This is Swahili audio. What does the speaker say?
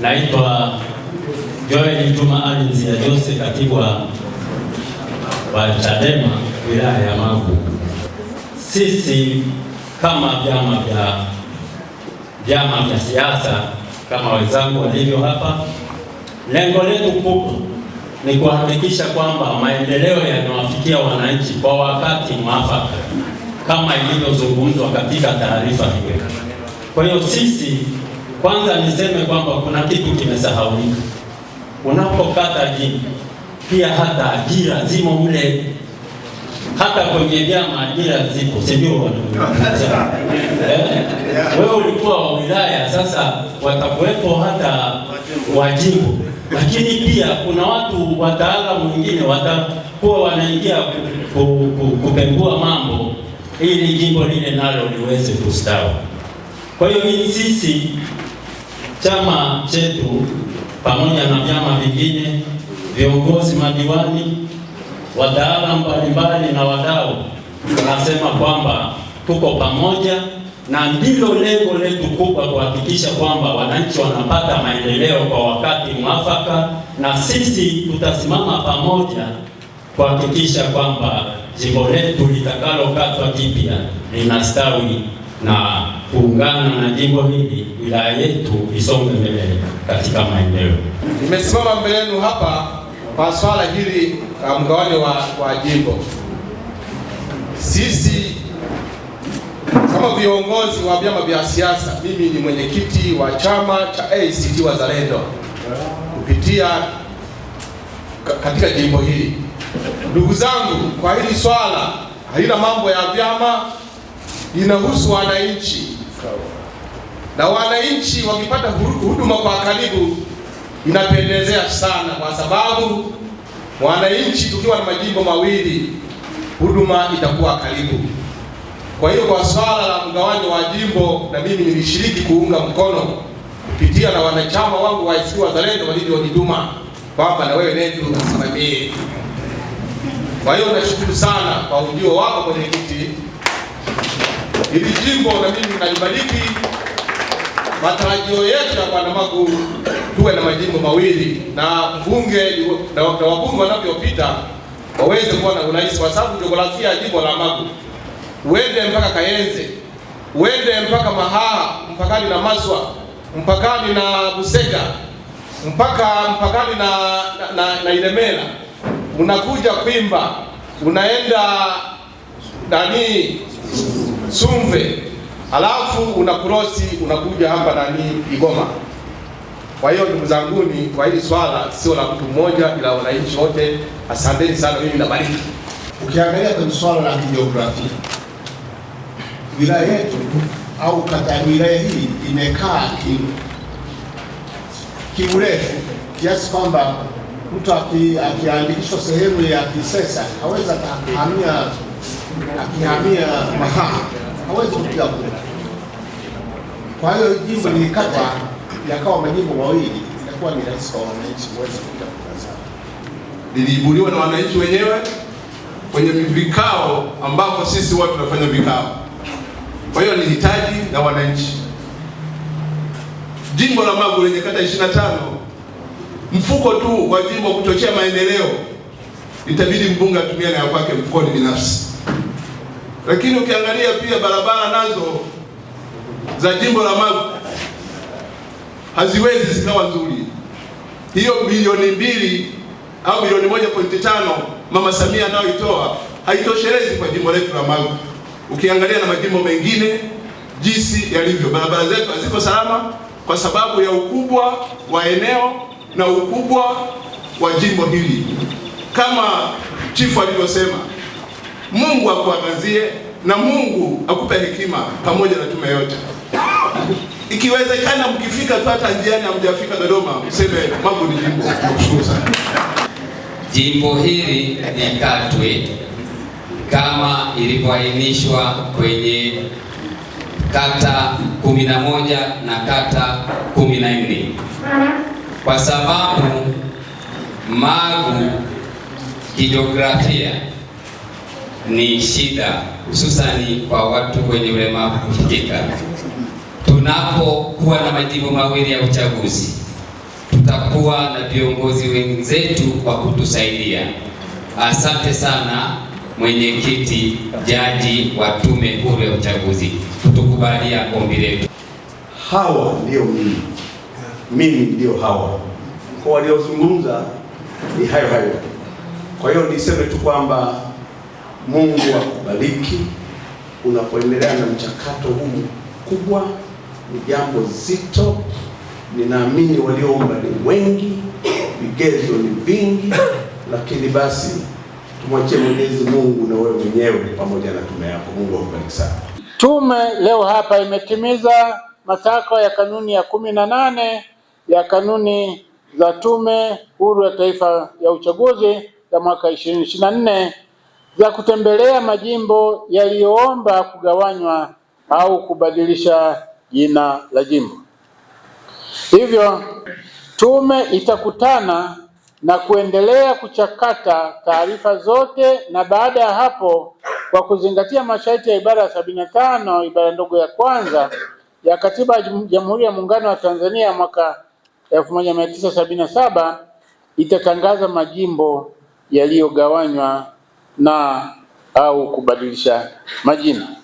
Naitwa Joel Juma Alinzi ya Jose, katibu wa Chadema wilaya ya Magu. Sisi kama vyama vya vyama vya siasa kama wenzangu walivyo hapa, lengo letu kubwa ni kuhakikisha kwamba maendeleo yanawafikia wananchi kwa wakati mwafaka kama ilivyozungumzwa katika taarifa hiyo. Kwa hiyo sisi kwanza niseme kwamba kuna kitu kimesahaulika. Unapokata jini, pia hata ajira zimo mle, hata kwenye vyama ajira zipo, si eh? Wewe ulikuwa wa wilaya, sasa watakuwepo hata wa jimbo, lakini pia kuna watu wataalamu wengine watakuwa wanaingia kupengua mambo ili jimbo lile nalo liweze kustawi. Kwa hiyo sisi chama chetu pamoja na vyama vingine, viongozi, madiwani, wataalamu mbalimbali na wadau, tunasema kwamba tuko pamoja na ndilo lengo letu kubwa, kuhakikisha kwamba wananchi wanapata maendeleo kwa wakati mwafaka, na sisi tutasimama pamoja kuhakikisha kwamba jimbo letu litakalokatwa kipya linastawi na kuungana na jimbo hili, wilaya yetu isonge mbele katika maendeleo. Nimesimama mbele yenu hapa kwa swala hili la mgawanyo wa, wa jimbo. Sisi kama viongozi wa vyama vya siasa, mimi ni mwenyekiti wa chama cha ACT Wazalendo kupitia katika jimbo hili. Ndugu zangu, kwa hili swala halina mambo ya vyama, linahusu wananchi na wananchi wakipata huduma kwa karibu, inapendezea sana, kwa sababu wananchi tukiwa na majimbo mawili, huduma itakuwa karibu. Kwa hiyo kwa swala la mgawanyo wa jimbo, na mimi nilishiriki kuunga mkono kupitia na wanachama wangu wa ACT Wazalendo walivyonituma kwamba na wewe nenda ukasimamie. Kwa hiyo nashukuru sana kwa ujio wako mwenyekiti. Hili jimbo na mimi nalibariki. Matarajio yetu ya Bwana Magu tuwe na majimbo mawili na mbunge na wabunge wanavyopita waweze kuwa na urais, kwa sababu jiografia ya jimbo la Magu uende mpaka Kayenze, uende mpaka Mahaha, mpakani na Maswa, mpakani na Busega, mpaka mpakani na, na, na, na Ilemela, unakuja Kwimba, unaenda nani Sumve, halafu unakurosi unakuja hapa nani Igoma. Kwa hiyo ndugu zanguni, kwa hili swala sio la mtu mmoja, ila wananchi wote. Asanteni sana, mimi nabariki. Ukiangalia kwenye swala la kijiografia, wilaya yetu au kata ya wilaya hii imekaa kiurefu kiasi kwamba mtu akiandikishwa aki sehemu ya Kisesa aweza akahamia akihamia Mahaha hawezi kupiga kura. Kwa hiyo jimbo lilikatwa yakawa majimbo mawili, inakuwa ni rahisi kwa wananchi kuweza kupiga kura zao. Liliibuliwa na wananchi wenyewe kwenye vikao ambako sisi watu tunafanya vikao. Kwa hiyo ni hitaji la wananchi. Jimbo la Magu lenye kata 25 mfuko tu wa jimbo kuchochea maendeleo, itabidi mbunge atumie na ya kwake mfukoni binafsi. Lakini ukiangalia pia barabara nazo za jimbo la Magu haziwezi zikawa nzuri. Hiyo bilioni mbili au bilioni moja pointi tano Mama Samia anayoitoa haitoshelezi kwa jimbo letu la Magu, ukiangalia na majimbo mengine jinsi yalivyo. Barabara zetu haziko salama kwa sababu ya ukubwa wa eneo na ukubwa wa jimbo hili, kama chifu alivyosema. Mungu akuangazie na Mungu akupe hekima pamoja na tume yote. Ikiwezekana mkifika tu hata njiani hamjafika Dodoma, mseme mambo ni jimbo. Nashukuru sana. Jimbo hili ni Katwe kama ilivyoainishwa kwenye kata 11 na kata 14 kwa sababu Magu kijiografia ni shida, hususani kwa watu wenye ulemavu kufikika. Tunapokuwa na majimbo mawili ya uchaguzi, tutakuwa na viongozi wenzetu wa kutusaidia. Asante sana mwenyekiti, jaji wa tume huru ya uchaguzi kutukubalia ombi letu. Hawa ndio mimi, mimi ndio hawa, kwa waliozungumza ni hayo hayo. Kwa hiyo niseme tu kwamba Mungu akubariki unapoendelea na mchakato huu mkubwa. Ni jambo zito, ninaamini walioomba ni wengi, vigezo ni vingi, lakini basi tumwachie Mwenyezi Mungu na wewe mwenyewe pamoja na tume yako. Mungu akubariki sana. Tume leo hapa imetimiza matakwa ya kanuni ya kumi na nane ya kanuni za Tume Huru ya Taifa ya Uchaguzi ya mwaka 2024 za kutembelea majimbo yaliyoomba kugawanywa au kubadilisha jina la jimbo. Hivyo tume itakutana na kuendelea kuchakata taarifa zote, na baada ya hapo, kwa kuzingatia masharti ya ibara ya sabini na tano ibara ndogo ya kwanza ya Katiba ya Jamhuri ya Muungano wa Tanzania mwaka 1977 itatangaza majimbo yaliyogawanywa na au kubadilisha majina.